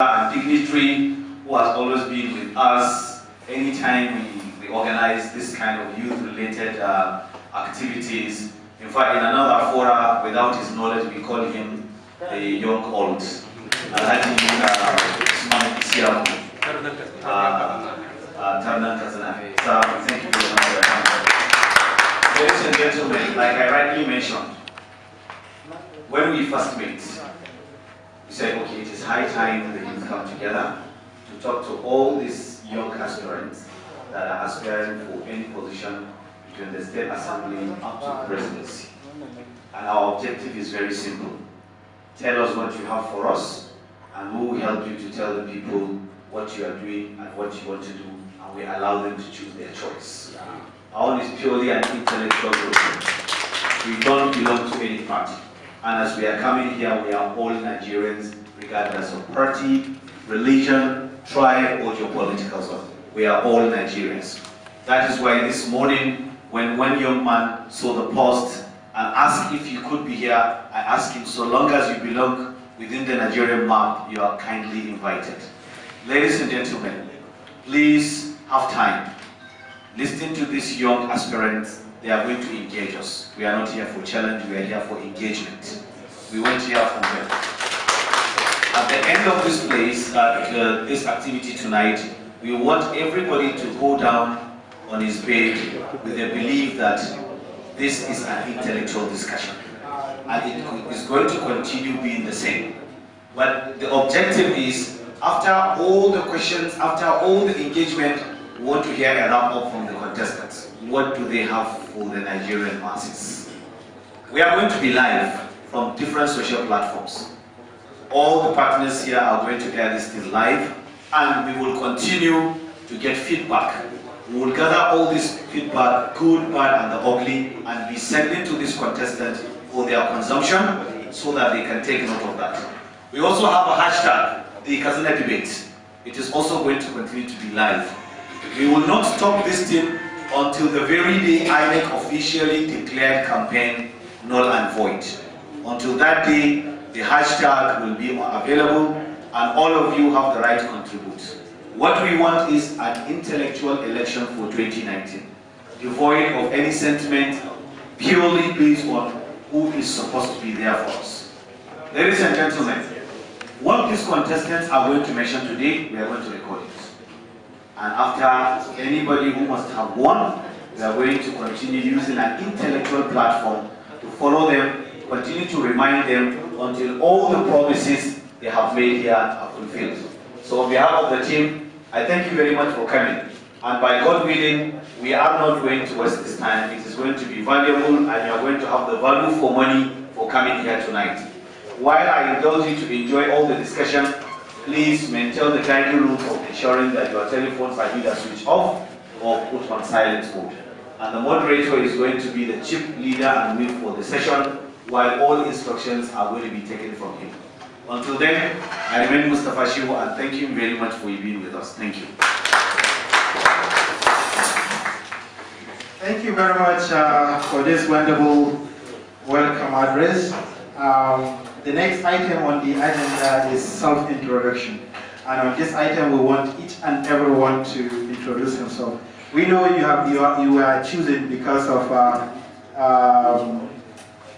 and dignitary who has always been with us anytime we, we organize this kind of youth-related uh, activities. In fact, in another fora, without his knowledge, we call him the young old. Uh, uh, thank you very much. Ladies and gentlemen, like I rightly mentioned, when we first met, we said, okay, it is high time that you come together to talk to all these young aspirants that are aspiring for any position between the state assembly up to the presidency. And our objective is very simple. Tell us what you have for us, and we will help you to tell the people what you are doing and what you want to do, and we allow them to choose their choice. Yeah. Our own is purely an intellectual group. We don't belong to any party. And as we are coming here, we are all Nigerians, regardless of party, religion, tribe, or geopolitical zone. We are all Nigerians. That is why this morning, when one young man saw the post and asked if he could be here, I asked him, so long as you belong within the Nigerian map, you are kindly invited. Ladies and gentlemen, please have time. Listening to this young aspirant they are going to engage us. We are not here for challenge, we are here for engagement. We went here for them. At the end of this place, at uh, this activity tonight, we want everybody to go down on his bed with the belief that this is an intellectual discussion. And it is going to continue being the same. But the objective is, after all the questions, after all the engagement, we want to hear a wrap-up from the contestants. What do they have for the Nigerian masses. We are going to be live from different social platforms. All the partners here are going to air this thing live and we will continue to get feedback. We will gather all this feedback, good, bad and the ugly and be sending to this contestant for their consumption so that they can take note of that. We also have a hashtag, the Kazana debate. It is also going to continue to be live. We will not stop this thing until the very day INEC officially declared campaign null and void. Until that day, the hashtag will be available and all of you have the right to contribute. What we want is an intellectual election for 2019, devoid of any sentiment, purely based on who is supposed to be there for us. Ladies and gentlemen, what these contestants are going to mention today, we are going to record it. And after anybody who must have won, we are going to continue using an intellectual platform to follow them, continue to remind them until all the promises they have made here are fulfilled. So on behalf of the team, I thank you very much for coming. And by God willing, we are not going to waste this time. It is going to be valuable and you are going to have the value for money for coming here tonight. While I indulge you to enjoy all the discussion, please maintain the guiding rule of ensuring that your telephones are either switched off or put on silent mode. And the moderator is going to be the chief leader and will for the session, while all instructions are going to be taken from him. Until then, I remain Mustafa Shihu and thank you very much for being with us. Thank you. Thank you very much uh, for this wonderful welcome address. Um, the next item on the agenda is self-introduction. And on this item, we want each and everyone to introduce himself. We know you have you are, you are choosing because of uh, um,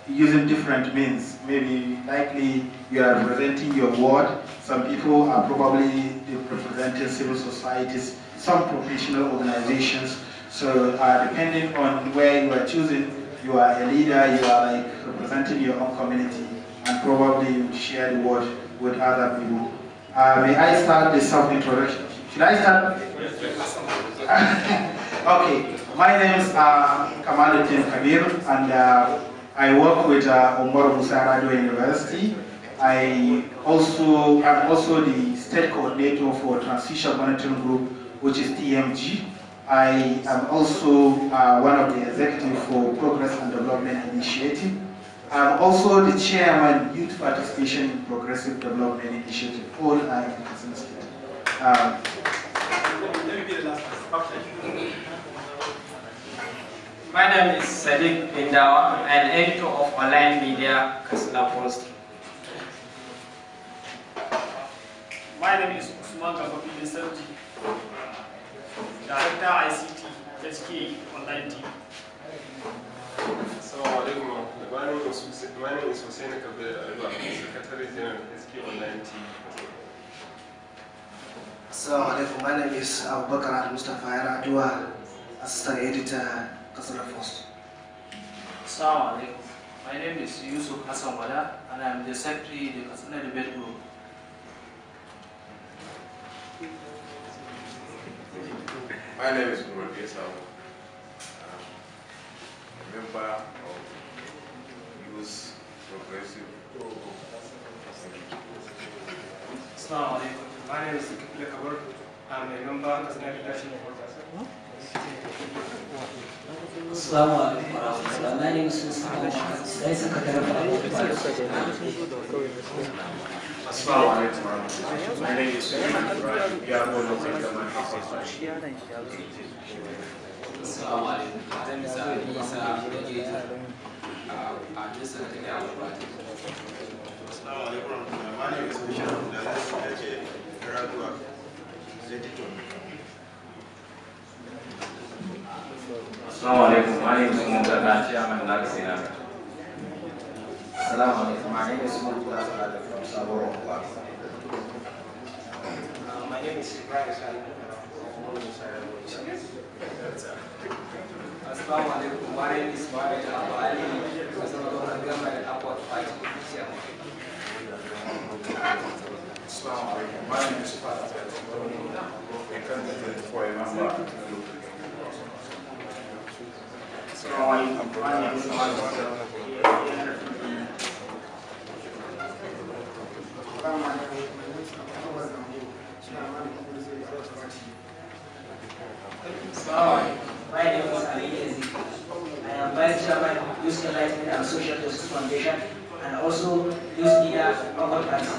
using different means. Maybe likely you are representing your ward. Some people are probably representing civil societies, some professional organizations. So uh, depending on where you are choosing, you are a leader, you are like representing your own community and probably you share the word with other people. Uh, may I start the self-introduction? Should I start? okay, my name is uh, Kamaluddin Kabir and uh, I work with uh, Omar Musa Radio University. I also, am also the state coordinator for Transition Monitoring Group, which is TMG. I am also uh, one of the executive for Progress and Development Initiative I'm um, also the chairman Youth Participation in Progressive Development Initiative, all I in Katsina um, My name is Sadiq Bindawa, an editor of online media Katsina Post. My name is Usman Gababi Deserti, Director ICT, HK Online Team. So, Glavni in smo vse nekako glavni, kateri izjemen kitajski online TV. Assalamu alaikum, my name is Abubakar Al-Mustafa Yaradua, Assistant Editor, Kasala Post. So my name is Yusuf Hassan Wada and I'm the Secretary of the Kasala Debate Group. My name is Mohammed Biesau, member Assalamu alaikum. My name is Kipila Kabur. I'm a member of the National Assalamu alaikum My name is Mr. Muhammad. Assalamu alaikum My name is Suleiman We are Assalamu alaikum. My name is Isa. Assalamualaikum warahmatullahi wabarakatuh. My name is My name is My name is from Assalamu alaikum. My name is Ismail the Government my name is Ali Ezekiel. I am Vice Chairman of Youth Enlightenment and Social Justice Foundation and also Youth Leader Local Council.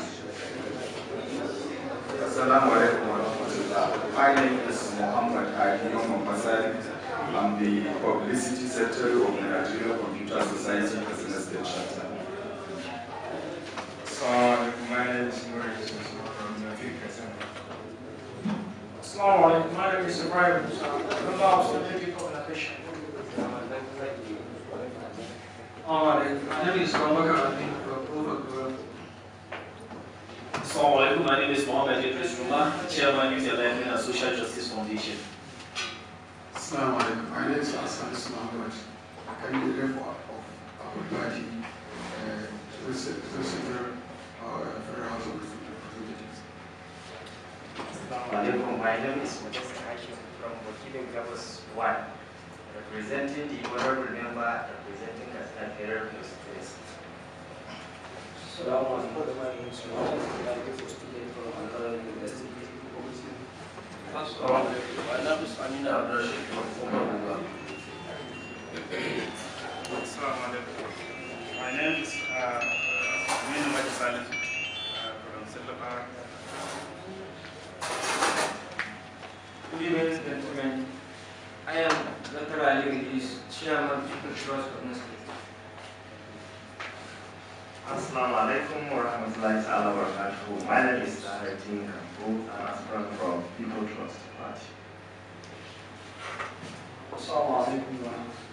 Assalamu alaikum wa rahmatullah. My name is Muhammad Ali Mombasari. I'm the Publicity Secretary of the Nigerian any level of, of my name is Modest Hashim from Wakili Gabos 1, representing the honorable member representing Kastan Herald News Assalamu my name is Modest from Ankara University. of all, my name is Amina Abdurashid from Kumbh my name is Ladies uh, uh, and uh, gentlemen, I am Dr. Ali of Chairman People Trust of Nasrid. Assalamu alaikum wa rahmatullahi wa My name is Sahaddin Kampu, an aspirant from People's Trust Party. Assalamu alaikum wa rahmatullahi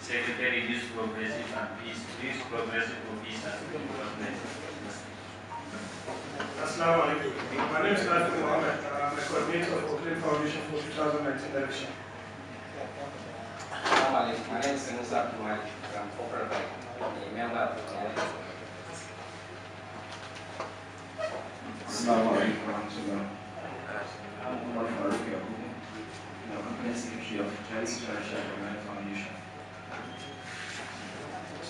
Secretary is progressive and peace. Please progressive for peace and progressive. Assalamu alaikum. My name is Nafi Mohammed I'm the coordinator of Oakland Foundation for 2019 election. Assalamu alaikum. My name is Sanusa a member of the Assalamu alaikum I'm the Company Secretary of Charles Charles Foundation.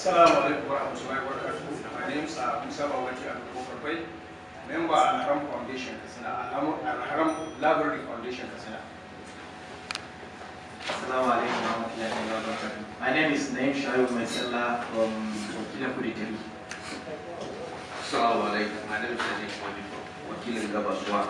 Assalamu alaikum warahmatullahi wabarakatuh. My name is uh, Musa Bawati Abubakar member of the haram Foundation the haram Library Foundation Kasina. Assalamu alaikum warahmatullahi wabarakatuh. My name is Naim Shayu Maisala from Burkina Faso. Assalamu alaikum. My name is Naim Shayu from Wakilin Gabaswa.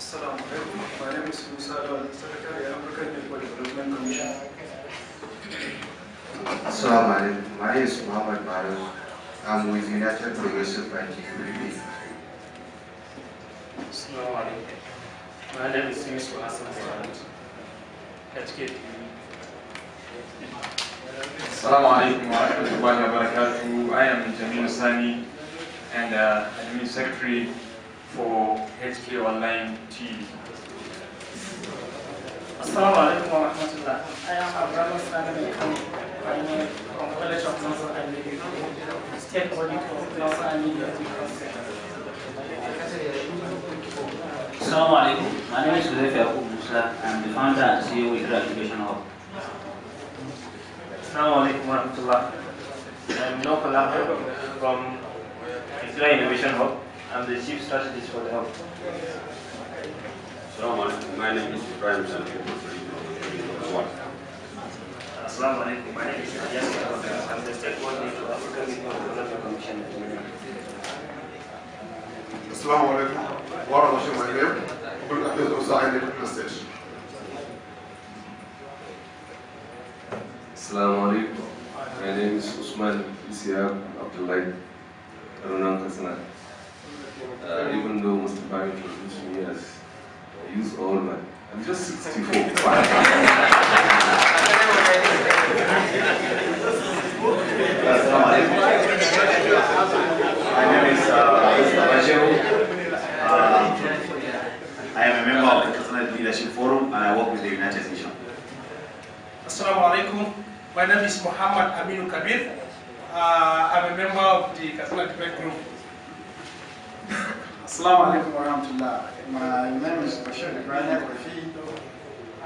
Assalamu alaikum. My name is Musa Lal, Secretary of African Development Commission. Assalamu alaikum. My name is Muhammad Maru. I'm with United Progressive Party, UPP. Assalamu alaikum. My name is Yusuf Hassan Saad, HKP. Assalamu alaikum wa rahmatullahi wa barakatuh. I am Jamil Sani and uh, Admin Secretary for HK Online TV. Assalamu alaikum wa rahmatullah. I am Abdullah Sani primary from College of Media, State Audit of Media. My name is Hudayf Yaqub Musa. I'm the founder and CEO of Hira Education Hub. Assalamualaikum. I'm Nokala from Innovation Hub. I'm the chief strategist for the hub. Assalamualaikum. My name is Ibrahim Assalamu alaikum. My name is Ajaz I'm the state coordinator of African Union Development Commission at Manila. Assalamu alaikum. ورحمة الله وبركاته. وبالأخير أساعد البلايستيشن. Assalamu alaikum. My name is Usman Isiab Abdullahi Arunan Kasana. Uh, even though Mustafa introduced me as a youth old man, I'm just 64. My name is uh, uh, I am a member of the Catalan Leadership Forum and I work with the United Nations. Assalamu alaikum. My name is Muhammad Aminu Kabir. Uh, I'm a member of the Catalan Debate Group. Assalamu alaikum wa rahmatullah. My name is Bashir Ibrahim Rafi.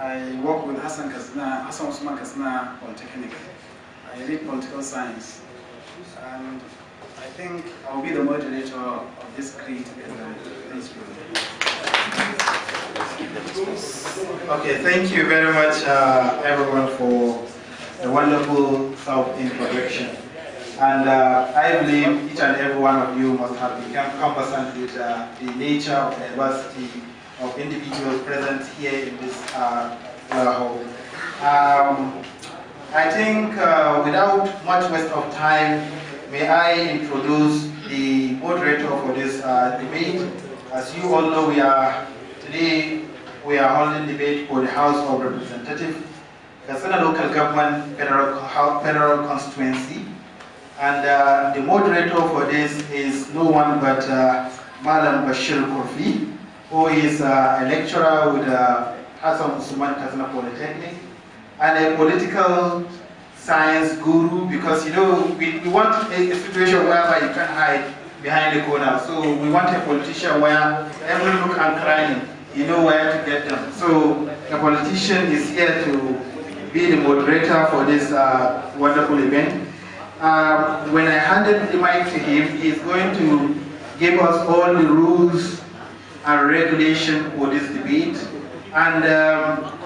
I work with Hassan Kasna, Hassan Usman Kasna Polytechnic. I read political science. And I think I'll be the moderator of this creed Okay, thank you very much uh, everyone for a wonderful self-introduction. And uh, I believe each and every one of you must have become conversant with uh, the nature of university of individuals present here in this uh, hall. Um, I think uh, without much waste of time, may I introduce the moderator for this uh, debate. As you all know, we are today we are holding debate for the House of Representatives, Kasana Local Government Federal, Federal Constituency. And uh, the moderator for this is no one but uh, Malam Bashir Kofi who is a lecturer with uh, Hassan Usman Katsina Polytechnic and a political science guru because you know we, we want a, a situation whereby you can hide behind the corner. So we want a politician where every look and crying, you know where to get them. So the politician is here to be the moderator for this uh, wonderful event. Um, when I handed the mic to him, he's going to give us all the rules and regulation for this debate. And um,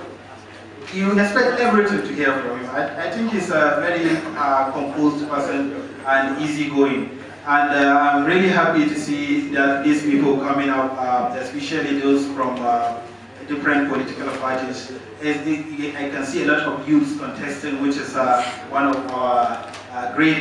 you expect everything to hear from him. I, I think he's a very uh, composed person and easygoing. And uh, I'm really happy to see that these people coming up, uh, especially those from uh, different political parties. I can see a lot of youths contesting, which is uh, one of our uh, great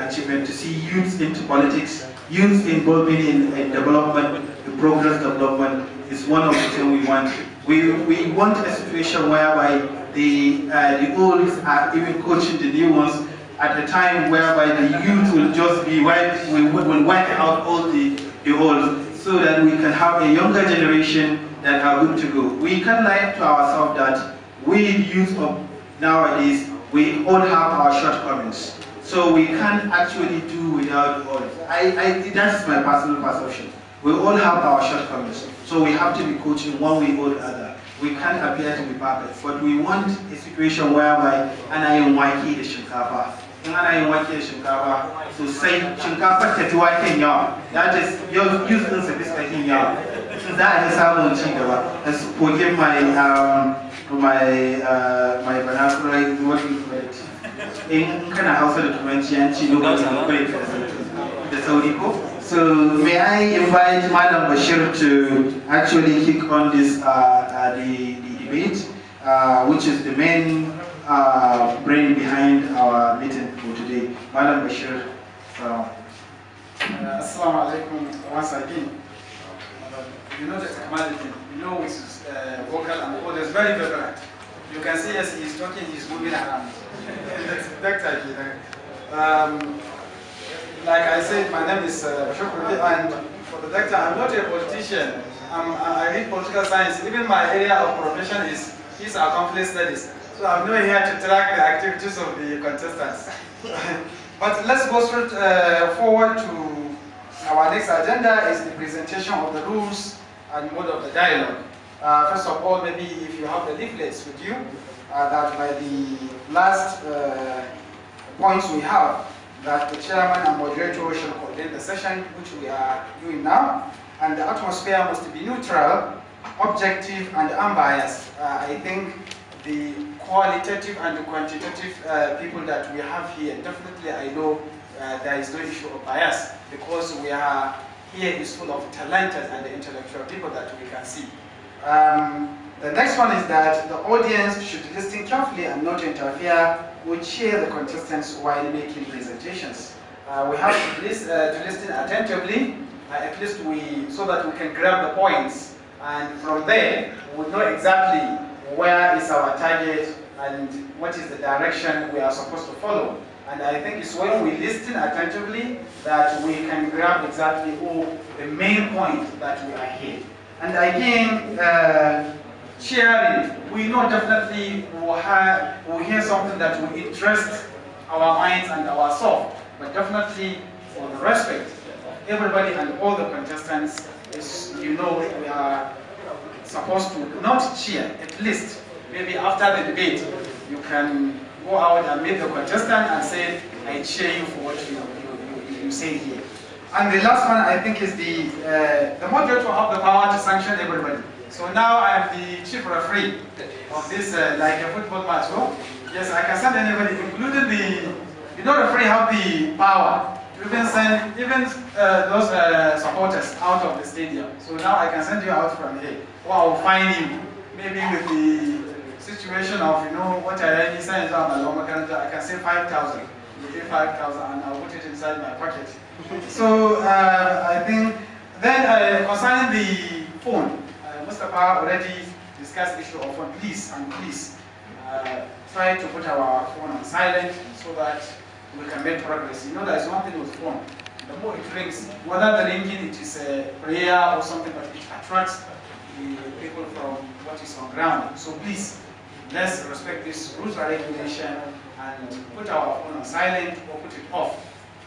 achievements to see youths into politics Youth involvement in, in development, the progress development, is one of the things we want. We, we want a situation whereby the, uh, the olds are even coaching the new ones at a time whereby the youth will just be wipe, will, will wipe out all the, the old so that we can have a younger generation that are good to go. We can lie to ourselves that we youth of nowadays, we all have our shortcomings. So we can't actually do without oil. I, I, that's my personal perception. We all have our shortcomings. So we have to be coaching one way or the other. We can't appear to be perfect, but we want a situation whereby anayin wake da shinkafa. In anayin wake da shinkafa, sosai shinkafar ta fi waken yawa. That is, use din sa bisa kin yawa. Za a our samun ci Forgive my, um, my, uh, my vernacular, what is Eh, in so may i invite madam bashir to actually kick on this uh, uh, the, the debate uh, which is the main uh, brain behind our meeting for today madam bashir uh, assalamu alaikum once again you know the commodity you know which is uh, vocal and all is very vibrant you can see as he's talking, he's moving around. that's, that's um, like I said, my name is uh, and for the doctor, I'm not a politician. I'm, i read political science. Even my area of profession is, is accomplished studies. So I'm not here to track the activities of the contestants. but let's go straight uh, forward to our next agenda is the presentation of the rules and mode of the dialogue. Uh, first of all, maybe if you have the leaflets with you, uh, that by the last uh, points we have, that the chairman and moderator should coordinate the session, which we are doing now, and the atmosphere must be neutral, objective, and unbiased. Uh, I think the qualitative and the quantitative uh, people that we have here, definitely I know uh, there is no issue of bias, because we are here is full of talented and intellectual people that we can see. Um, the next one is that the audience should listen carefully and not interfere or cheer the contestants while making presentations. Uh, we have to, list, uh, to listen attentively, uh, at least we, so that we can grab the points. And from there, we know exactly where is our target and what is the direction we are supposed to follow. And I think it's when we listen attentively that we can grab exactly all the main point that we are here. And again, uh, sharing. We know definitely we, we hear something that will interest our minds and our soul. But definitely, for the respect of everybody and all the contestants, is, you know, we are supposed to not cheer, at least maybe after the debate, you can go out and meet the contestant and say, I cheer you for what you, you, you, you say here. And the last one, I think, is the, uh, the moderator to have the power to sanction everybody. So now I am the chief referee of this, uh, like a football match. Oh, yes, I can send anybody, including the, you know, referee have the power You can send even uh, those uh, supporters out of the stadium. So now I can send you out from here, or I will fine you, maybe with the situation of, you know, what I really I can say 5,000 you give 5,000 and I'll put it inside my pocket. so uh, I think, then uh, concerning the phone, uh, Mustafa already discussed issue of phone. Please and please uh, try to put our phone on silent so that we can make progress. You know there is one thing with phone. The more it rings, whether the ringing it is a prayer or something, but it attracts people from what is on ground. So please, let's respect this rules and regulation and put our phone on silent or put it off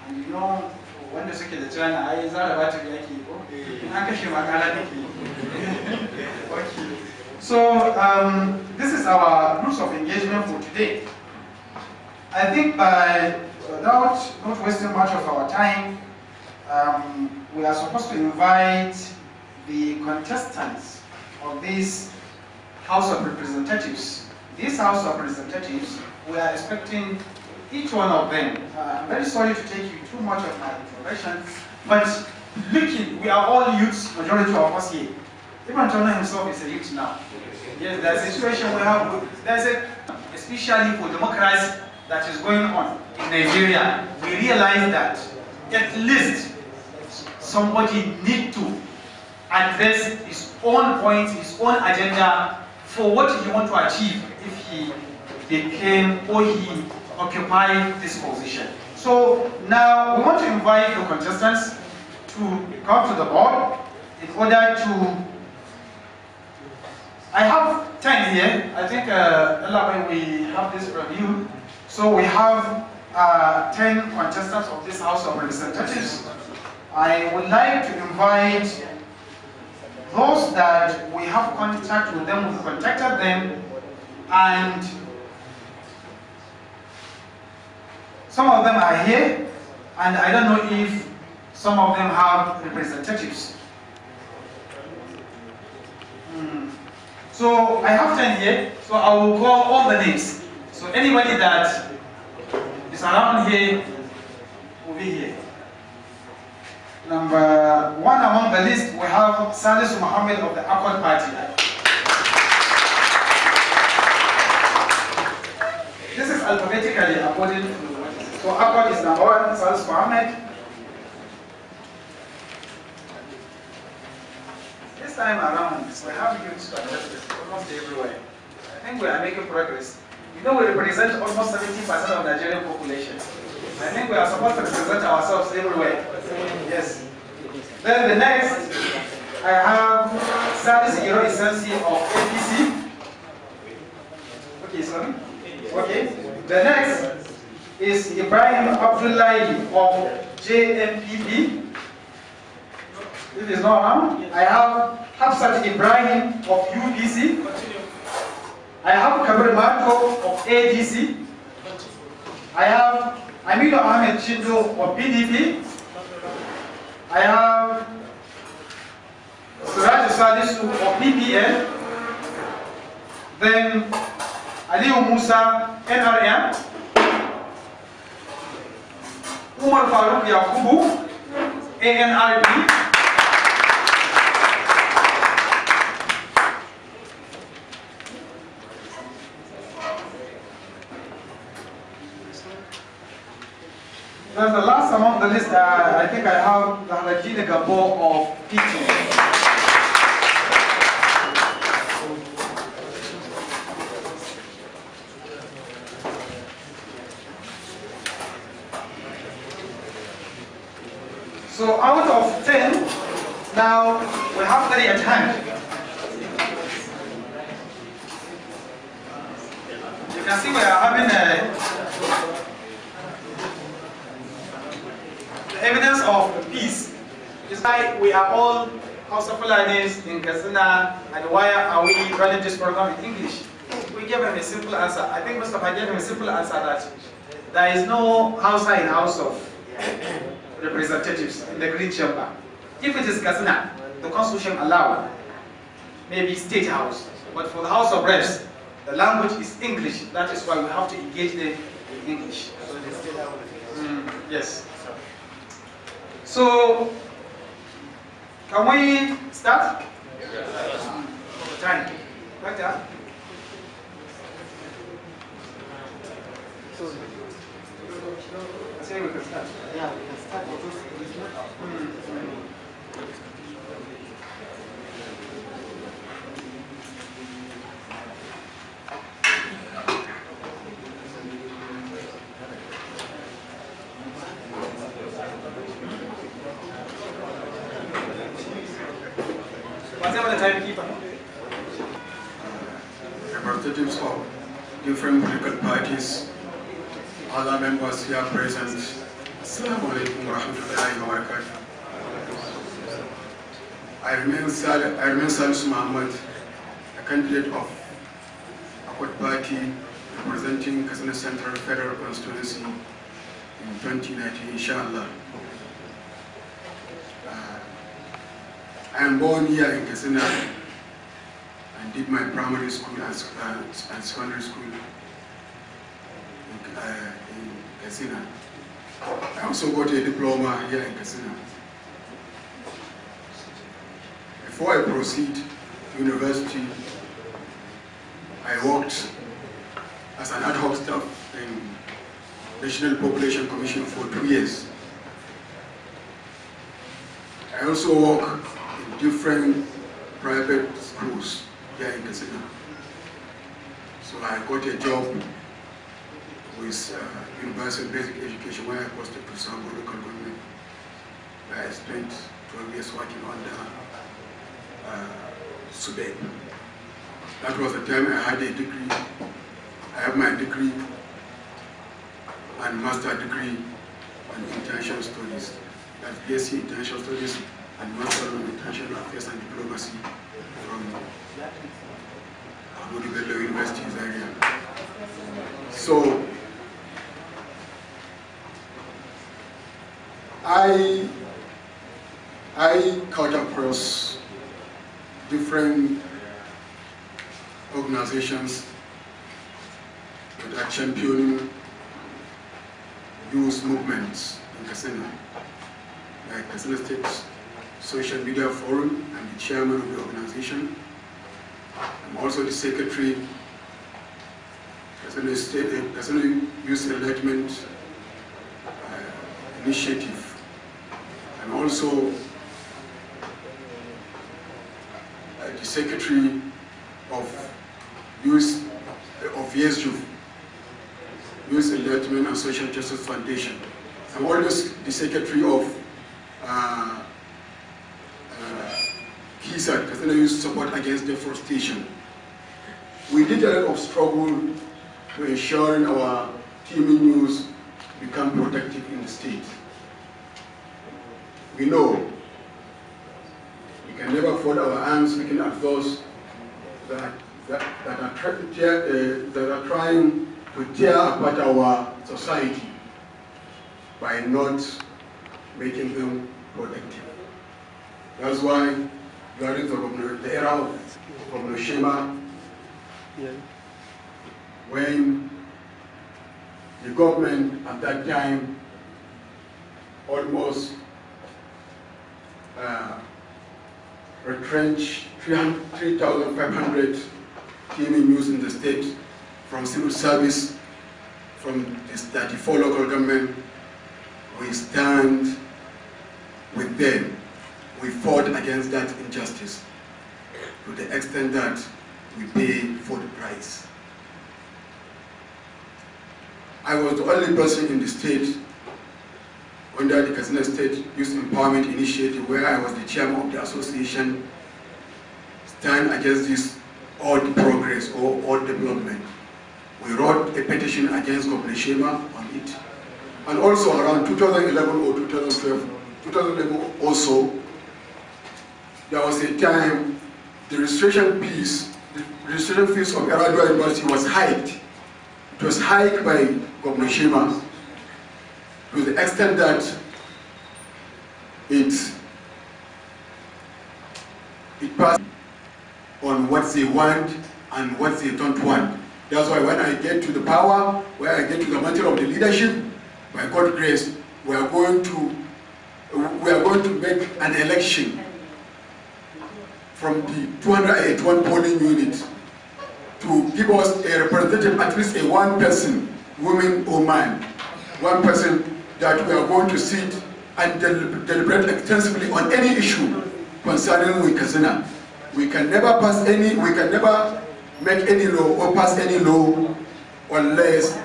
and you know wanda suke da jana ai zara batiri yake ko in an kashe makala take eh, okay so um, this is our rules of engagement for today i think by without not wasting much of our time um, we are supposed to invite the contestants of this House of Representatives. This House of Representatives we are expecting each one of them. Uh, I'm very sorry to take you too much of my information, but looking, we are all youths, majority of us here. Even Jonah himself is a youth now. Yes, there's a situation we have, there's a, especially for democracy that is going on in Nigeria. We realize that at least somebody need to address his own point, his own agenda for what he want to achieve if he they came or oh, he occupied this position. So now we want to invite the contestants to come to the board in order to I have 10 here. I think uh, we have this review. So we have uh, 10 contestants of this House of Representatives. I would like to invite those that we have contact with them, we've contacted them, and Some of them are here, and I don't know if some of them have representatives. Mm. So I have 10 here, so I will call all the names. So anybody that is around here will be here. Number one among the list, we have Salis Muhammad of the Accord Party. this is alphabetically according to so Akon is number one, Salis Mohammed. This time around, we have youth addresses almost everywhere. I think we are making progress. You know, we represent almost 70% of Nigerian population. I think we are supposed to represent ourselves everywhere. Yes. Then the next, I have Service Hero Essency of APC. Okay, sorry. Okay. The next, is Ibrahim Abdullahi of JMPP. It is not him. Yes. I have Hafsat Ibrahim of UDC. Continue. I have Kabir Marco of ADC. I have Amino Ahmed Chindo of PDP. I have Suraj Salisu of PPN. Then Aliu Musa, NRM. Umar Farouk Yakubu, ANRP. That's the last among the list. Uh, I think I have the Rajina Gabor of teaching. So out of 10, now we have 3 at hand. You can see we are having a, uh, the evidence of peace. It's like we are all House of Fulanis in Kazuna, and why are we running this program in English? We gave him a simple answer. I think Mr. gave him a simple answer that there is no house in House of representatives in the Green Chamber. If it is Katsina, the Constitution allowed maybe State House, but for the House of Reps, the language is English. That is why we have to engage them in English. Mm, yes. So, can we start? Yes. Time. Right there. I say we can start. Yeah. Thank you. am born here in Kasina. I did my primary school and, uh, and secondary school in, uh, in Kasina. I also got a diploma here in Kasina. Before I proceed to university, I worked as an ad hoc staff in National Population Commission for two years. I also work different private schools here in Kasina. So I got a job with uh, University of Basic Education when I posted to Sambo local government, where I spent 12 years working under uh, Sudan. That was the time I had a degree. I have my degree and master degree on international studies. That's BSc International Studies and Minister of International Affairs and Diplomacy from Ahmadu Bello University in So, I, I cut across different organizations that are championing youth movements in Kasena, like Kasena State Social Media Forum. I'm the chairman of the organization. I'm also the secretary, Personal, State, uh, Personal Use Enlightenment uh, Initiative. I'm also uh, the secretary of Youth uh, of ESU, Youth Enlightenment and Social Justice Foundation. I'm also the secretary of suicide because they you support against deforestation. We did a lot of struggle to ensuring our TV news become productive in the state. We know we can never fold our arms looking at those that, that, that, are, tear, uh, that are trying to tear apart our society by not making them productive. That's why the era of the yeah. when the government at that time almost uh, retrenched 3,500 TV news in the state from civil service, from the 34 local government, we stand with them we fought against that injustice to the extent that we pay for the price. I was the only person in the state under the Katsina State Youth Empowerment Initiative where I was the chairman of the association stand against this odd progress or odd development. We wrote a petition against Governor Shema on it. And also around 2011 or 2012, 2011 also, there was a time the registration fees, the registration fees of Aradua University was hiked. It was hiked by Governor Shima to the extent that it, it passed on what they want and what they don't want. That's why when I get to the power, when I get to the mantle of the leadership, by God's grace, we are going to we are going to make an election from the 281 polling unit to give us a representative, at least a one person, woman or man, one person that we are going to sit and del deliberate extensively on any issue concerning Winkazina. We can never pass any, we can never make any law or pass any law unless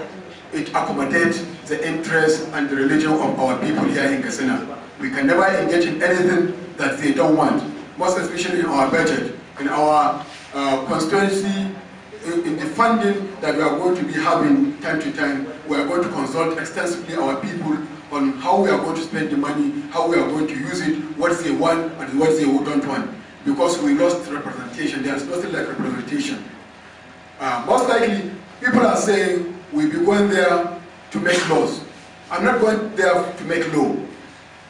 it accommodates the interest and the religion of our people here in Kasina. We can never engage in anything that they don't want most especially in our budget, in our uh, constituency, in, in the funding that we are going to be having time to time. We are going to consult extensively our people on how we are going to spend the money, how we are going to use it, what they want and what they don't want. Because we lost representation. There is nothing like representation. Uh, most likely, people are saying we'll be going there to make laws. I'm not going there to make law.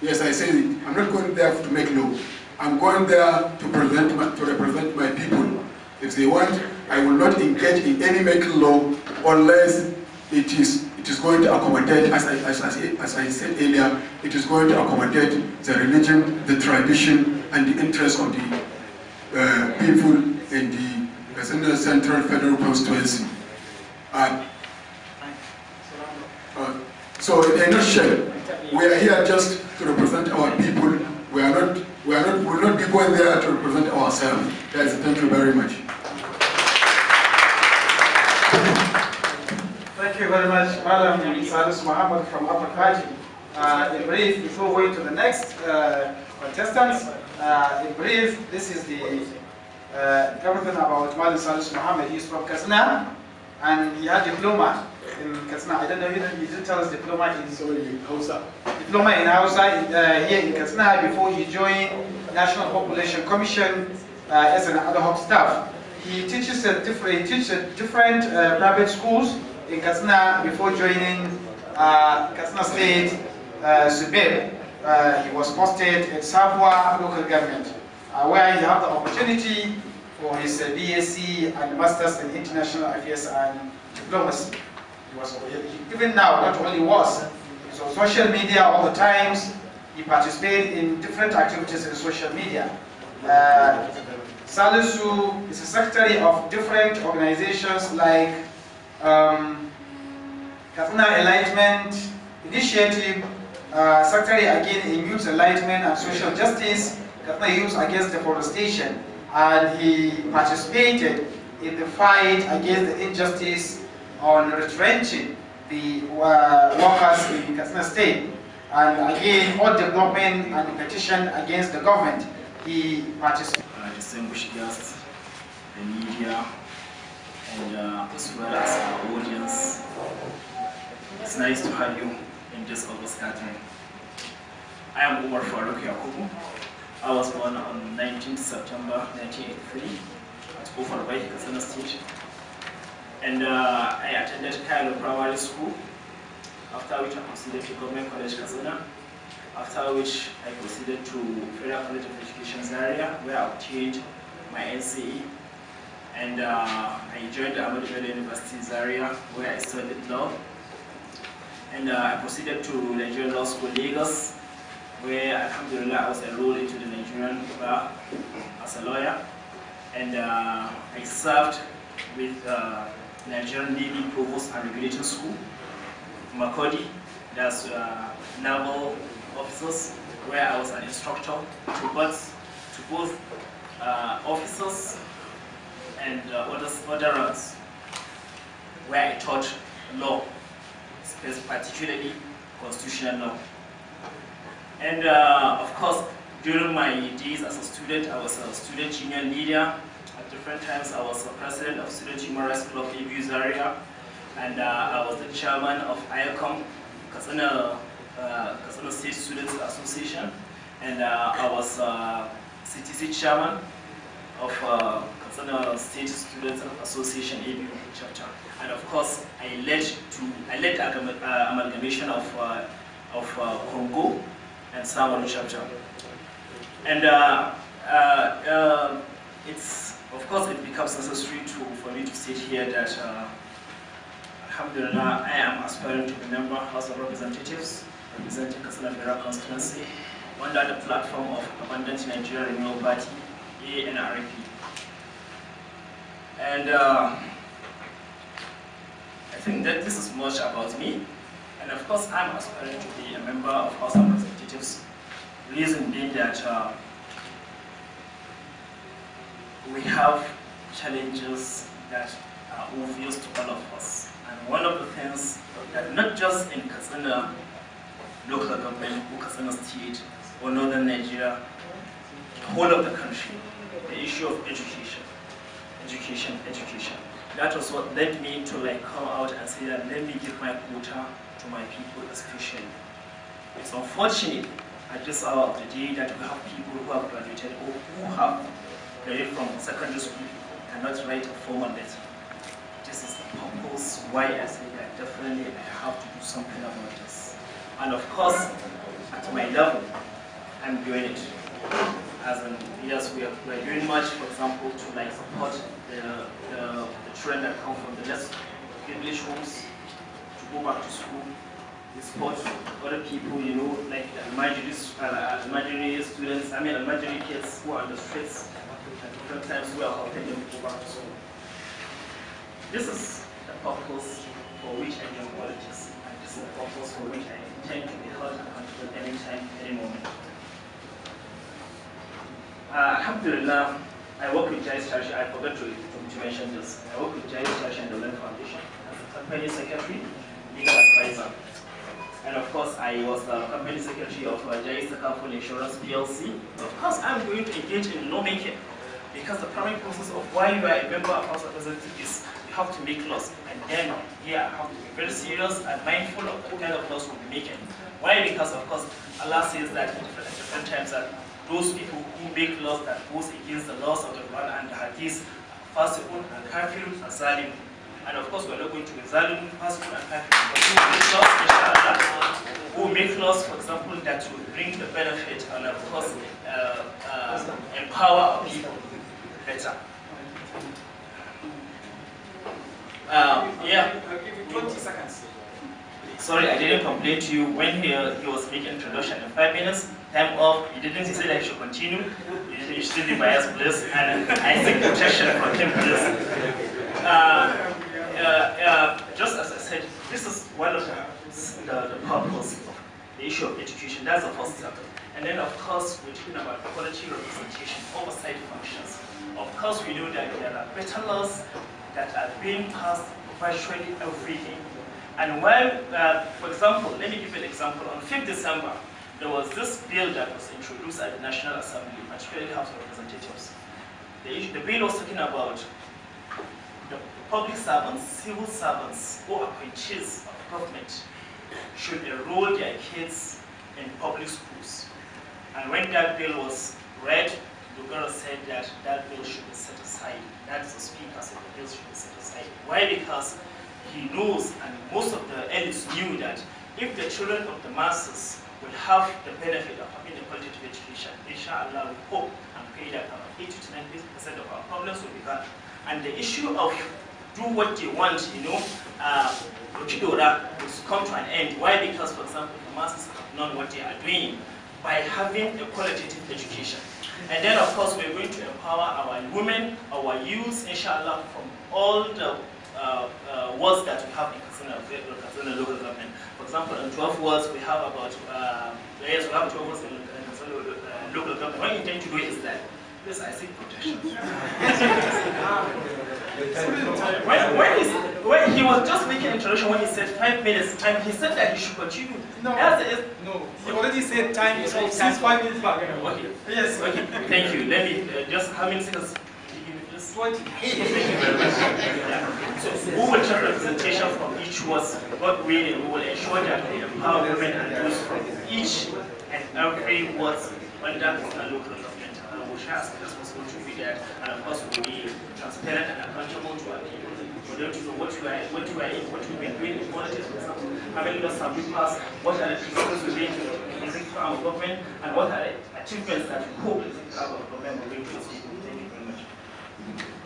Yes, I say it. I'm not going there to make law. I'm going there to, present my, to represent my people. If they want, I will not engage in any making law unless it is it is going to accommodate, as I, as, as, as I said earlier, it is going to accommodate the religion, the tradition, and the interest of the uh, people in the Central, Central Federal Constituency. Uh, uh, so in a nutshell, we are here just to represent our people. We are not we are not, are not going there to represent ourselves. Guys, thank you very much. Thank you very much, Madam Salis Muhammad from Upper Kaji. Uh, in brief, before we to the next uh, contestants, uh, in brief, this is the everything uh, about Madam Salis Muhammad. He's from Kasna, and he had diploma in Katsina. I don't know, you didn't, you didn't tell us diploma in Hausa. Diploma in Hausa uh, here in Katsina before he joined National Population Commission uh, as an ad hoc staff. He teaches at different, teaches at different uh, private schools in Katsina before joining uh, Katsina State uh, uh he was posted at Savua local government, uh, where he had the opportunity for his uh, BSc and Masters in International Affairs and Diplomacy was even now not only was social media all the times he participated in different activities in social media uh, Salisu is a secretary of different organizations like um, Kathuna Enlightenment Initiative, uh, secretary again in Youth Enlightenment and Social Justice, Kathuna Youth Against Deforestation, and he participated in the fight against the injustice on retrenching the uh, workers in Katsina State. And again, all development and petition against the government, he participated. Uh, distinguished guests, the media, and uh, as well as our audience, it's nice to have you in this August gathering. I am Umar Faruk Yakubu. I was born on 19 September 1983 at the Katsina State and uh, I attended Kailo Primary School, after which I proceeded to Government College Kazana, after which I proceeded to Federal College of Education Zaria, where I obtained my NCE, and uh, I joined Ahmadu Bello University Zaria, where I studied law, and uh, I proceeded to Nigerian Law School Lagos, where Alhamdulillah I was enrolled into the Nigerian bar as a lawyer, and uh, I served with uh, Nigerian Navy Provost and Regulation School, Makodi, that's uh, naval officers, where I was an instructor to both, to both uh, officers and uh, others, other ranks. where I taught law, particularly constitutional law. And uh, of course, during my days as a student, I was a student union leader different times. I was the president of Student Human Rights Club Review area, and uh, I was the chairman of IACOM, Katsina, uh, State Students Association, and uh, I was uh, CTC chairman of uh, State Students Association ABU chapter. And of course, I led to I led uh, amalgamation of uh, of uh, Congo and Samoa chapter. And uh, uh, it's of course, it becomes necessary to, for me to state here that, uh, alhamdulillah, I am aspiring to be a member of House of Representatives, representing Kasana Vera constituency, under the platform of Abundant Nigeria Renewal Party, ANRP. And uh, I think that this is much about me. And of course, I'm aspiring to be a member of House of Representatives. Reason being that uh, we have challenges that are obvious to all of us. And one of the things that not just in Katsina local government or Katsina state or northern Nigeria, the whole of the country, the issue of education, education, education. That was what led me to like come out and say that let me give my quota to my people especially. It's unfortunate at this hour of the day that we have people who have graduated or who have graduate from secondary school cannot write a formal letter. This is the purpose why I say that definitely I have to do something about this. And of course, at my level, I'm doing it. As in, yes, we are, we are doing much, for example, to like support the, the, the that come from the less English homes to go back to school. We support other people, you know, like the imaginary, uh, imaginary students, I mean, imaginary kids who are on the streets sometimes we are opinion over so this is the purpose for which I am politics and this is the purpose for which I intend to be held accountable any time, any moment. Uh, Alhamdulillah, I work with Jais Tashi, I forgot to, to mention this. I work with Jais Tashi and the Land Foundation as a company secretary, legal advisor. And of course, I was the company secretary of uh, Jais Takaful Insurance PLC. Of course, I'm going to engage in lawmaking. Because the primary process of why you are a member of House of Representatives is you have to make laws. And then here yeah, I have to be very serious and mindful of what kind of laws we'll be making. Why? Because of course Allah says that at different, different times that those people who make laws that goes against the laws of the Quran and the Hadith are fasiqun and kafir and salim, And of course, we're not going to be zalim, fasiqun and kafirun. But who make laws, inshallah, who make laws, for example, that will bring the benefit and of course uh, uh, empower people better. Um, uh, yeah. Sorry, I didn't complain to you when he, he was making introduction in five minutes. Time off. He didn't say that he should continue. You, you should be biased, please. And I seek protection from him, please. Uh, uh, uh, just as I said, this is one of the, the, the purpose of the issue of education. That's the first step. And then, of course, we're talking about quality representation, oversight functions. Of course, we know that there are better laws that are being passed virtually every day. And when, uh, for example, let me give you an example. On 5th December, there was this bill that was introduced at the National Assembly, particularly House of Representatives. The, the bill was talking about the public servants, civil servants, or appointees of government should enroll their kids in public schools. And when that bill was read, you're going to say that that bill should be set aside. That is the speaker's said the bill should be set aside. Why? Because he knows, and most of the elites knew that if the children of the masses will have the benefit of having a qualitative education, inshallah, we hope and pray that about 80 to 90 percent of our problems will be gone. And the issue of do what you want, you know, uh, will come to an end. Why? Because, for example, the masses have known what they are doing by having a qualitative education. And then, of course, we're going to empower our women, our youth, inshallah, from all the uh, uh, that we have in Katsina, uh, Katsina local government. For example, in 12 wards, we have about, uh, yes, we have 12 wards in Katsina local uh, government. What we intend to do is that, yes, I seek protection. when, when he was just making introduction when he said five minutes time. He said that he should continue. No, no. He already said time So right, since five minutes back. Okay. Yes. Okay. Thank you. Let me uh, just how many seconds? Thank you very much. So we will take representation from each was what we will ensure that we empower women and youth from each and every was under the local government. And we shall as possible to be there, and of course we'll be transparent and accountable to our people what you are, what you are in, what you've been doing in politics, for example, having some what are the successes we made in the our government, and what are the achievements that you hope the our government will bring to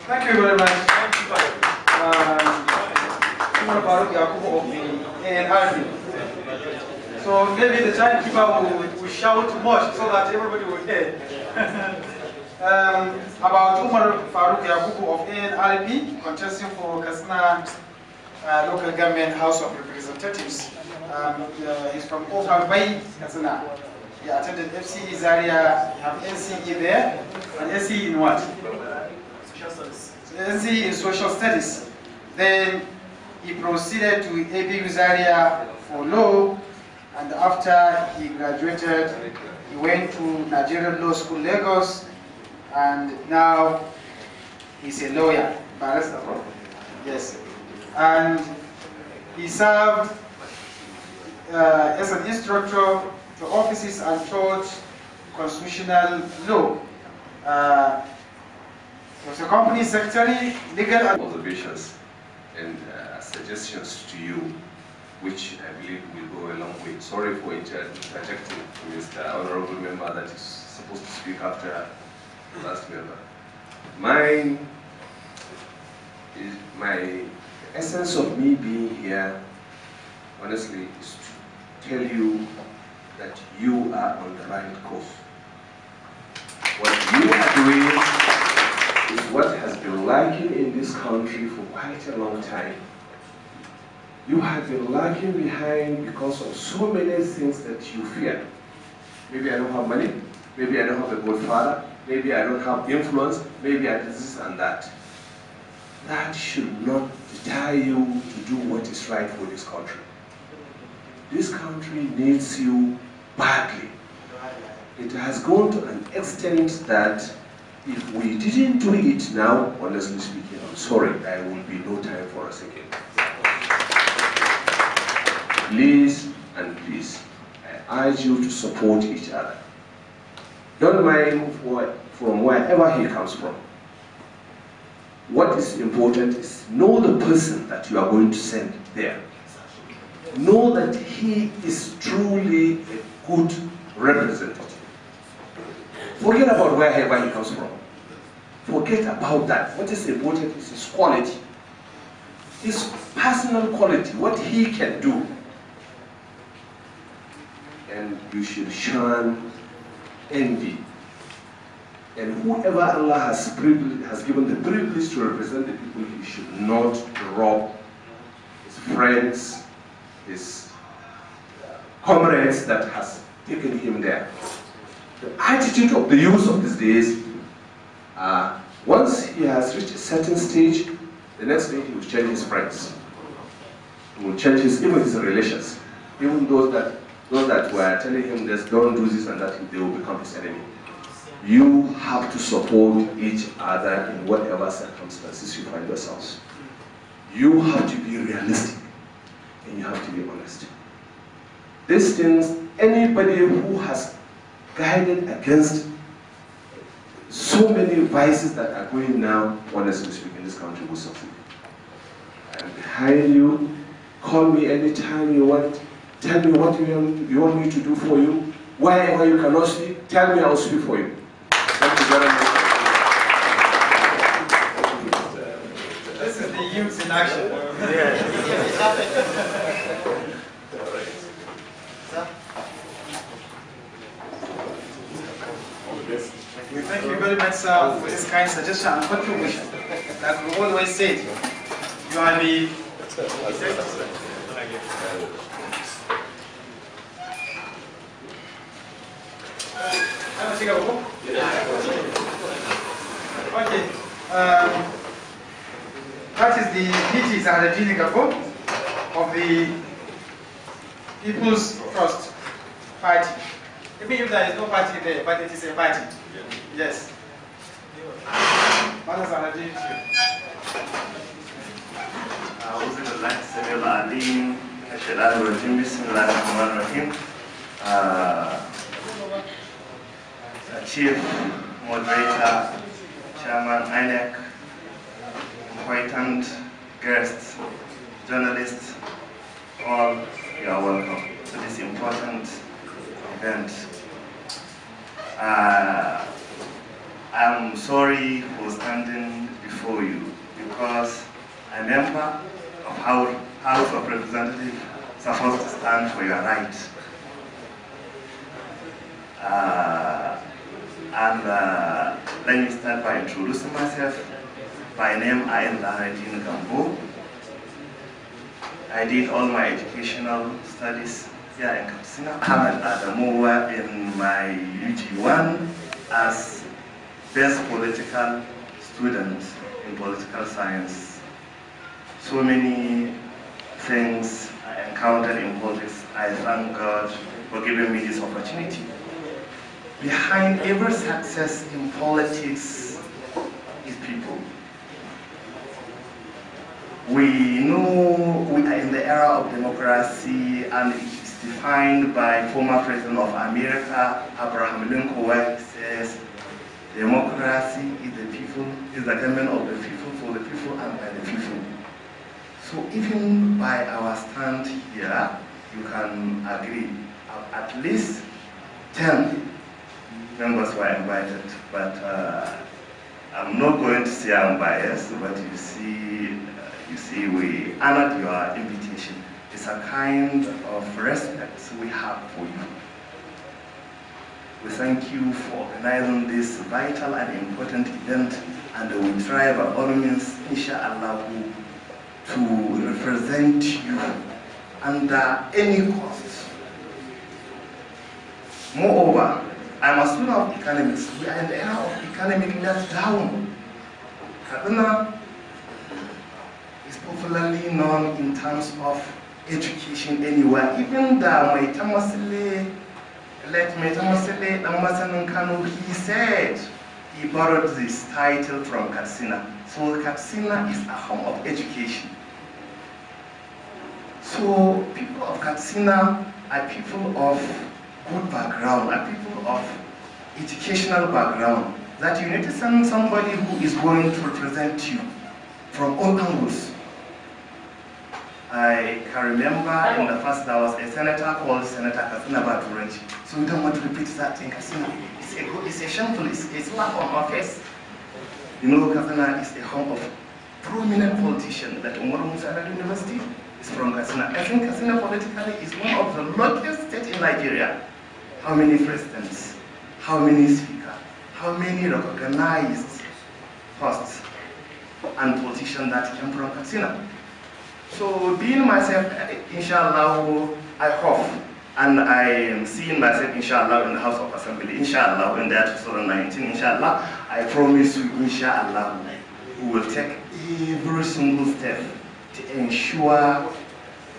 Thank you very much. Thank you very much. Thank you, Faruk. Umar of the So maybe the timekeeper will, will shout much so that everybody will hear. um, about Umar Faruk Yakubu of ANRP contesting for Kasna uh, Local Government House of Representatives. Um, uh, he's from Ofar Kasna. He attended FC Zaria, have NCE there, and NCE in what? Social Studies. NCE in Social Studies. Then he proceeded to AB Zaria for law, and after he graduated, he went to Nigerian Law School, Lagos, and now he's a lawyer, barrister. Yes. And he served uh, as an instructor to offices and taught constitutional law. Uh, was a company secretary, legal observations and uh, suggestions to you, which I believe will go a long way. Sorry for interjecting, the Honorable Member that is supposed to speak after last member. My, is my essence of me being here, honestly, is to tell you that you are on the right course. What you are doing is what has been lacking in this country for quite a long time. You have been lagging behind because of so many things that you fear. Maybe I don't have money, maybe I don't have a good father, maybe I don't have influence, maybe I do this and that. That should not deter you to do what is right for this country. This country needs you badly. It has gone to an extent that if we didn't do it now, honestly speaking, I'm sorry, there will be no time for a second. Please and please, I urge you to support each other. Don't mind from wherever he comes from. What is important is know the person that you are going to send there. Know that he is truly a good representative. Forget about wherever he comes from. Forget about that. What is important is his quality. His personal quality, what he can do. And you should shun envy. And whoever Allah has, has given the privilege to represent the people, he should not rob his friends, his comrades that has taken him there. The attitude of the youth of these days, uh, once he has reached a certain stage, the next day he will change his friends. He will change his, even his relations, even those that those that were telling him this, don't do this and that, they will become his enemy. You have to support each other in whatever circumstances you find yourselves. You have to be realistic and you have to be honest. These things, anybody who has guided against so many vices that are going now, honestly speaking, in this country will suffer. I'm behind you. Call me anytime you want. Tell me what you, you want me to do for you. Wherever you cannot sleep, tell me I'll sleep for you. Thank you very much. This is the youth in action. Yes. We thank you very much, sir, for this kind suggestion and contribution. As we always said, you are the... Okay. Um, that is the duties and the clinical of the People's Trust Party. Even if there is no party there, but it is a party. Yes. What is duty? Chief, Moderator, Chairman INEC, important guests, journalists, all you are welcome to this important event. Uh, I'm sorry for standing before you because a member of our House of Representatives supposed to stand for your rights. Uh, and uh, let me start by introducing myself. My name I am Laharadin Gambo. I did all my educational studies here in I at the MOA in my UG1 as best political student in political science. So many things I encountered in politics. I thank God for giving me this opportunity. Behind every success in politics is people. We know we are in the era of democracy and it's defined by former President of America, Abraham Lincoln, who says, democracy is the people, is the government of the people, for the people, and by the people. So even by our stand here, you can agree, at least 10 members were invited, but uh, I'm not going to say I'm biased, but you see, uh, you see, we honored your invitation. It's a kind of respect we have for you. We thank you for organizing this vital and important event, and we try by all means, inshallah, to represent you under any cost. Moreover, I'm a student of economics. We are in the era of economic meltdown. Kaduna is popularly known in terms of education anywhere. Even the Maita Masile, late Maita Masile, Damasan Kanu, he said he borrowed this title from Katsina. So Katsina is a home of education. So people of Katsina are people of good background and people of educational background that you need to send somebody who is going to represent you from all angles. I can remember in the first there was a senator called Senator Kasina Baturenji. So we don't want to repeat that in Kasina. It's a, it's a shameful, it's, it's lack of office. You know, Kasina is the home of prominent politician that Umaru Musa University is from Kasina. I think Kasina politically is one of the luckiest states in Nigeria. How many presidents? How many speakers? How many recognized posts and politicians that came from Katsina? So being myself, inshallah, I hope, and I am seeing myself, inshallah, in the House of Assembly, inshallah, in the 2019, inshallah, I promise you, inshallah, we will take every single step to ensure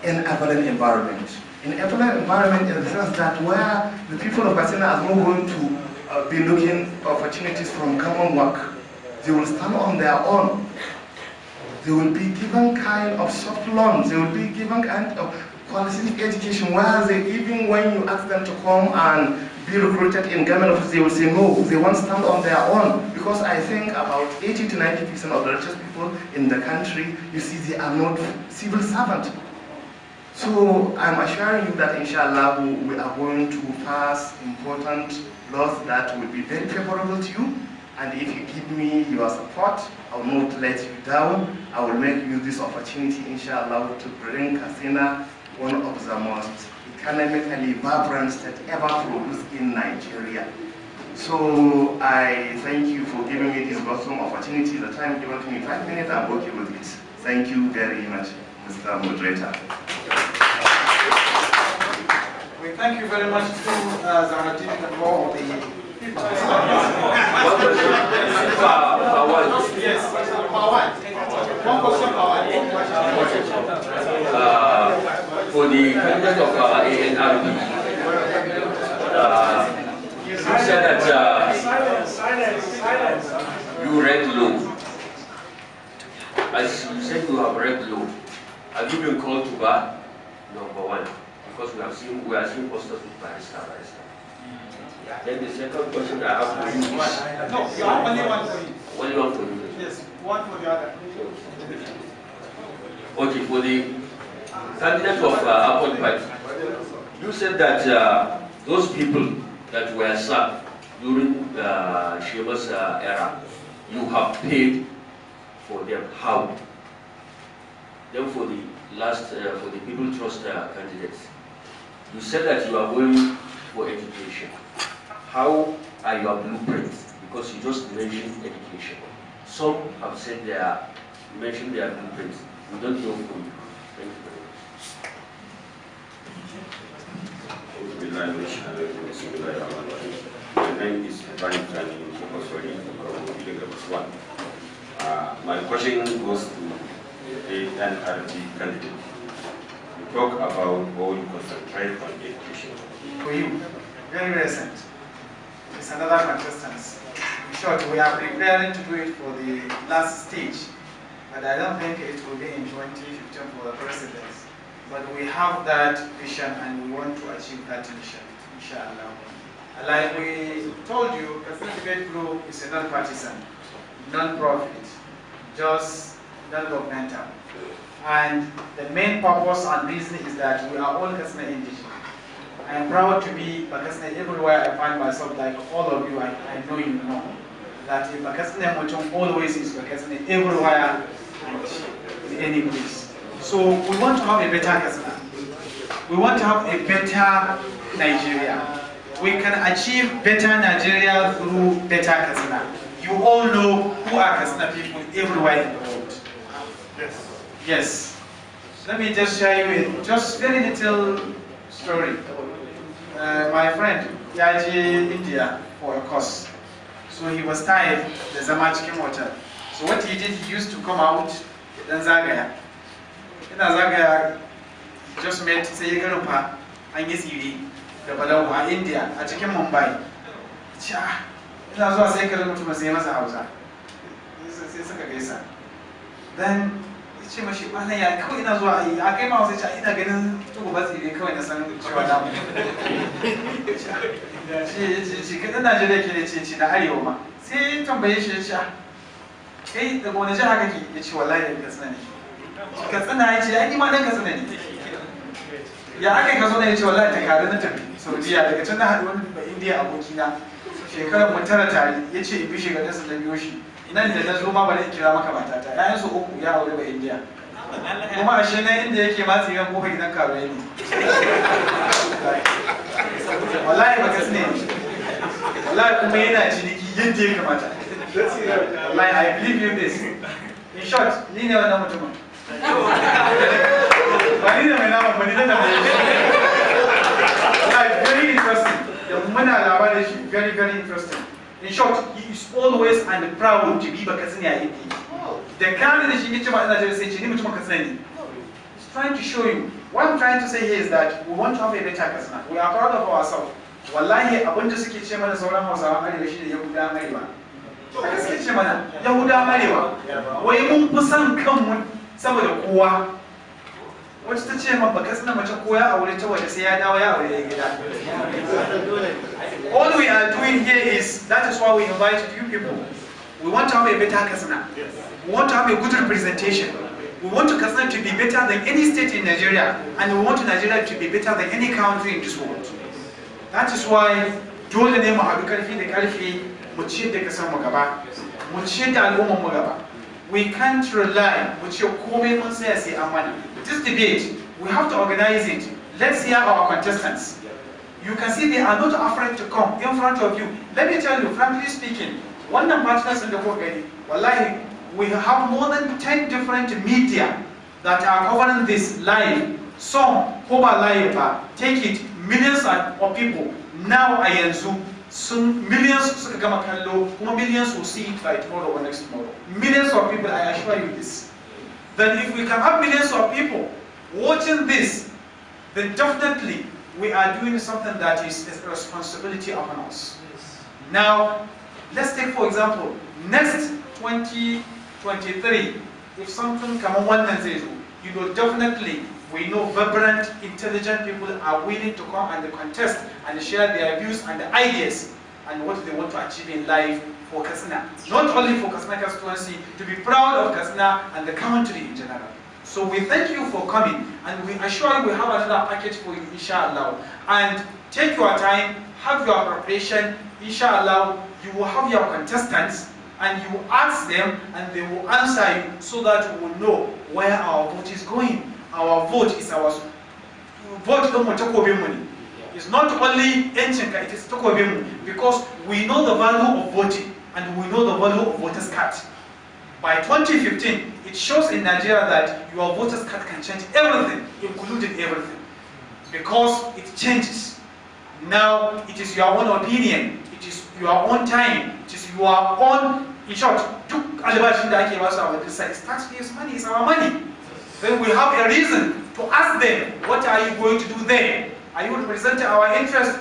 an abundant environment in employment environment in the sense that where the people of Basina are not going to uh, be looking opportunities from common work. They will stand on their own. They will be given kind of soft loans. They will be given kind of quality education where they, even when you ask them to come and be recruited in government office, they will say no, they won't stand on their own. Because I think about 80 to 90% of the richest people in the country, you see they are not civil servants. So I'm assuring you that inshallah we are going to pass important laws that will be very favorable to you. And if you give me your support, I will not let you down. I will make use this opportunity, inshallah, to bring Kasina one of the most economically vibrant that ever produced in Nigeria. So I thank you for giving me this awesome opportunity. The time given to me, five minutes, I'm working with it. Thank you very much, Mr. Moderator. We thank you very much to uh, Zahraddin and all the. Fawad. Yes, Fawad. One question, Fawad. For the uh, content of uh, ANRB, uh, you said that uh, you read low. As you said you have read low. have you been called to bar? Number one because we have seen we are seeing posters with barista, barista. Star. Mm. Then the second question I have for you is no, you have only one for you. Only one for you. Yes, one for the other. Okay, for the candidate of uh, Apple Party, you said that uh, those people that were sacked during uh, Shema's uh, era, you have paid for them. How? Then for the last, uh, for the People Trust uh, candidates, you said that you are going for education. How are your blueprints? Because you just mentioned education. Some have said they are mentioned their blueprints. We don't know from you. Thank you very much. My name is Ibrahim Tani, Mokossori, Kabuswan. Uh, my question goes to the ANRD candidate talk about or you concentrate on the education. For you, very recent, it's another contestant. In short, we are preparing to do it for the last stage, but I don't think it will be in 2015 for the president. But we have that vision and we want to achieve that mission, inshallah. Like we told you, President Debate Group is a non-partisan, non-profit, just non-governmental. And the main purpose and reason is that we are all Katsina indigenous. I am proud to be Pakistani everywhere I find myself, like all of you, I, I know you know. That in Pakistani Mochong always is Pakistani everywhere and in any place. So we want to have a better Katsina. We want to have a better Nigeria. We can achieve better Nigeria through better Katsina. You all know who are Katsina people everywhere Yes. Let me just share you with just very little story. Uh, my friend, Yaji India for a course. So he was tired, there's a match came water. So what he did, he used to come out, in Zagaya. In Zagaya, he just met Sayagarupa and his Yuri, eh? the Balawa, India, a cikin Mumbai. Cha, not zuwa sai ka mutum sai masa Hausa. Then ce mashi ana ya kawai ina zuwa a yi a kai ma wasu ce ina ganin tugu batsi ne kawai na san cewa na ce ce kaɗan najeriya ke da ce ce na arewa ma sai tambaye shi ya ce kai daga wani jiha kake ya ce wallahi daga katsina ne katsina ya ce ai ni ma dan katsina ne ya aka yi ka zo na ya ce wallahi ta kare na tafi saudiya daga can na haɗu wani ba indiya abokina shekarar mu tara tare ya ce in bi shekarunsa na biyo shi nan da na zo ma bari in kira maka matata ƴaƴan su uku ya aure ba indiya kuma ashe na inda yake ma tsiran kofa gidan karo ne wallahi ba kasne wallahi kuma yana ciniki yadda ya kamata wallahi i believe you this in short ni ne wannan mutumin ba ni da mai nama ba ni da mai wallahi very interesting da muna labarin shi very very interesting in short he is always and proud to be bakatsina yake da kare da shi yace ma ina jira he's trying to show you what i'm trying to say here is that we want to have a better katsina we are proud of ourselves wallahi abinda suke ce mana sauran hausawa arewa shi da yahuda arewa haka suke ce mana yahuda arewa wai mun fi son kanmu saboda kowa wacce ta ce baka sanar mace ko ya aure ta sai ya dawo ya aure ya gida all we are doing here is that is why we invite you people we want to have a better kasana we want to have a good representation we want to kasana to be better than any state in nigeria and we want nigeria to be better than any country in this world that is why dole ne mu Abu karfi da karfi mu ciyar da kasar mu gaba mu ciyar da mu gaba we can't rely with your common sense and money. This debate, we have to organize it. Let's hear our contestants. You can see they are not afraid to come in front of you. Let me tell you, frankly speaking, one of partners in the Kogani, wallahi, we have more than 10 different media that are covering this live. Some, Koba Live, take it, millions of people, now I am Zoom soon millions will come. kallo kuma millions will see it by tomorrow or next tomorrow millions of people i assure you this then if we can have millions of people watching this then definitely we are doing something that is a responsibility upon us yes. now let's take for example next 2023 if something come on one and you will definitely we know vibrant, intelligent people are willing to come and contest and share their views and ideas and what they want to achieve in life for Kasna. Not only for Kasna constituency, to be proud of Kasna and the country in general. So we thank you for coming and we assure you we have another package for you, inshallah. And take your time, have your preparation, inshallah. You will have your contestants and you ask them and they will answer you so that we will know where our vote is going our vote is our vote ɗin it's not only yancin it is takobin because we know the value of voting and we know the value of voters card by 2015 it shows in Nigeria that your voters card can change everything including everything because it changes now it is your own opinion it is your own time it is your own in short duk albashin da ake basu a it's taxpayers money it's our money then we have a reason to ask them, what are you going to do then? Are you representing our interest?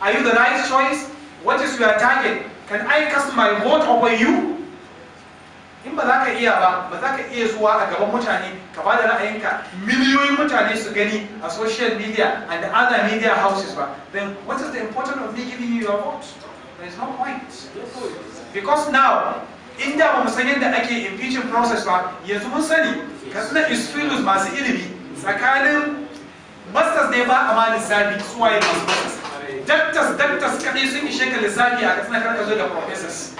Are you the right choice? What is your target? Can I cast my vote over you? In ba za ka iya ba, ba za ka iya zuwa a gaban mutane ka ba da ra'ayinka a social media and other media houses then what is the importance of me giving you your vote? There is no point. Because now, Inda ba mu san yadda ake impeaching process ba yanzu mun sani ka is filus masu ilimi tsakanin masters ne ba a ma lissafi suwaye masu masters doctors doctors kadai sun ishe ka lissafi a katsina karka zo da professors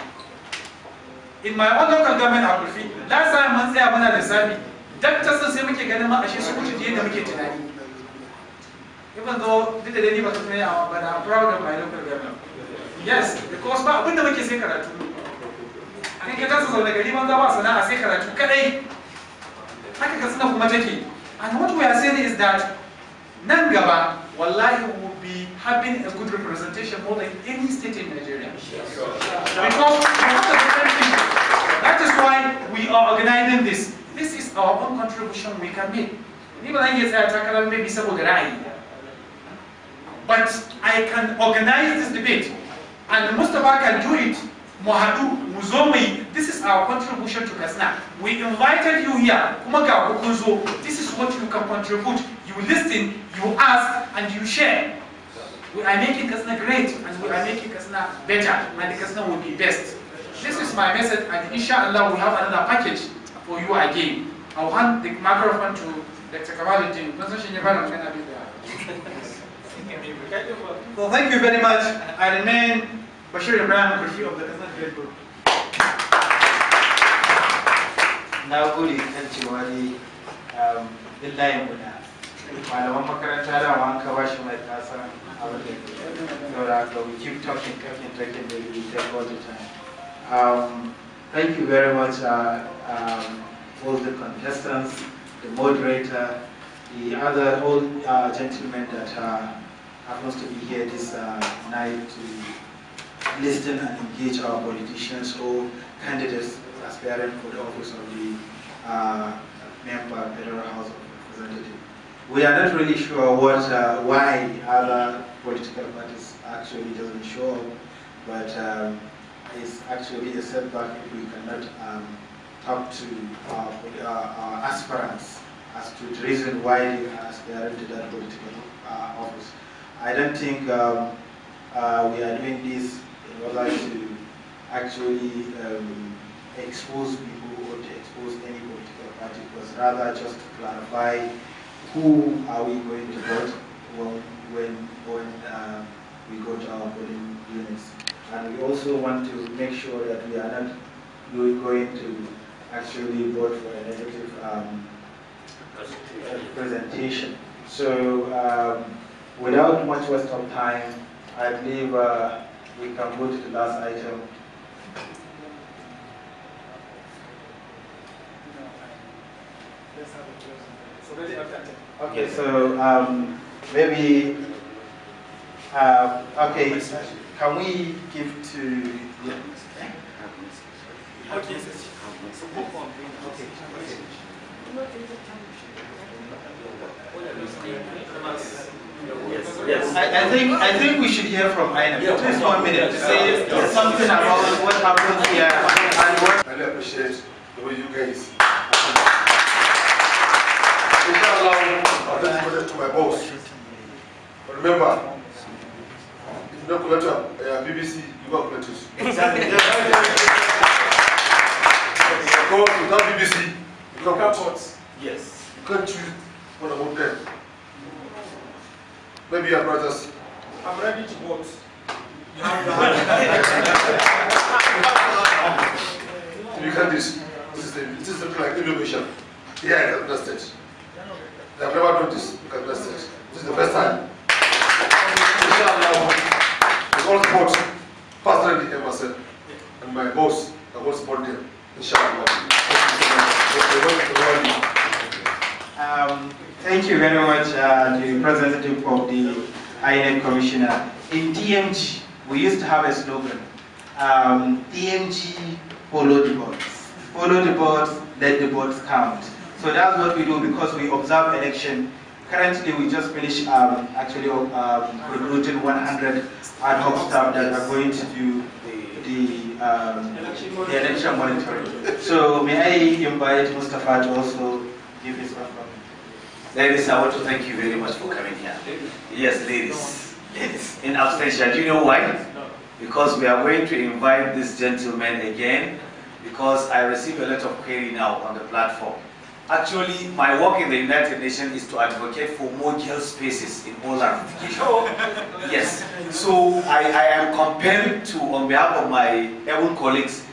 in my own local government a kurfi last time mun tsaya muna lissafi doctors sun sai muke ganin ma ashe su wuce yadda muke tunani even though duk da dai ni ba su tunani amma but I'm proud of my local government yes because ba abinda muke sai karatu ka zaune gari banza ba sana'a sai karatu kadai haka ka kuma take and what we are saying is that nan gaba wallahi we will be having a good representation more than any state in Nigeria because that is why we are organizing this this is our own contribution we can make ni ba zan iya tsaya takarar maybe saboda ra'ayi but I can organize this debate and Mustafa can do it Mohadu mu this is our contribution to Kasna. We invited you here, kuma ga this is what you can contribute. You listen, you ask, and you share. We are making Kasna great, and we are making Kasna better, and Kasna will be best. This is my message, and inshallah we have another package for you again. I'll hand the microphone to Dr. Kamaluddin. Well, thank you very much. I remain Bashir Ibrahim of the Kazan Field Group. Na gode kan cewa dai duk layin guda. Malaman makaranta da wa i bashi mai kasan we keep talking, talking, talking, maybe we take all the time. Um, thank you very much, uh, um, all the contestants, the moderator, the other old uh, gentlemen that uh, happens to be here this uh, night to listen and engage our politicians or candidates aspiring for the office of the uh, member federal house of representative. We are not really sure what, uh, why other political parties actually doesn't show up, but um, it's actually a setback if we cannot um, talk to our, our, our, aspirants as to the reason why they are aspiring to that political uh, office. I don't think um, uh, we are doing this in order to actually um, expose people or to expose any political party, it was rather just to clarify who are we going to vote when, when, when uh, we go to our voting units. And we also want to make sure that we are not going to actually vote for a negative um, presentation. So um, without much waste of time, I believe uh, we can go to the last item. Okay, so um, maybe, uh, okay, can we give to... Yeah. Okay. okay. Yes, yes. I, I, think I think we should hear from Aina. Yeah, Please one minute. Say yes. something about what happened here and what. I really appreciate the way you guys. Inshallah, I'll just put it to my boss. But remember, if you don't collect uh, BBC, you got collect it. Exactly. Of course, without BBC, you can't Yes. You can't choose one of them. Maybe your brothers. I'm ready to vote. you can't this. This is, the, this is looking like innovation. Yeah, I can bless it. They have never done this. You can bless it. This is the first time. Inshallah, we all support Pastor Andy Emerson and my boss. I will support them. Inshallah. Um, thank you very much, uh, the representative of the INEC commissioner. In DMG, we used to have a slogan, um, DMG, follow the boards. Follow the boards, let the boards count. So that's what we do because we observe election. Currently, we just finished um, actually um, recruiting 100 ad hoc staff that are going to do the, um, the election monitoring. so may I invite Mustafa to also Ladies, I want to thank you very much for coming here. Yes, ladies. Ladies. In absentia. Do you know why? Because we are going to invite this gentleman again because I receive a lot of query now on the platform. Actually, my work in the United Nations is to advocate for more jail spaces in all ramifications. Oh. yes. So I, I am compelled to, on behalf of my own colleagues,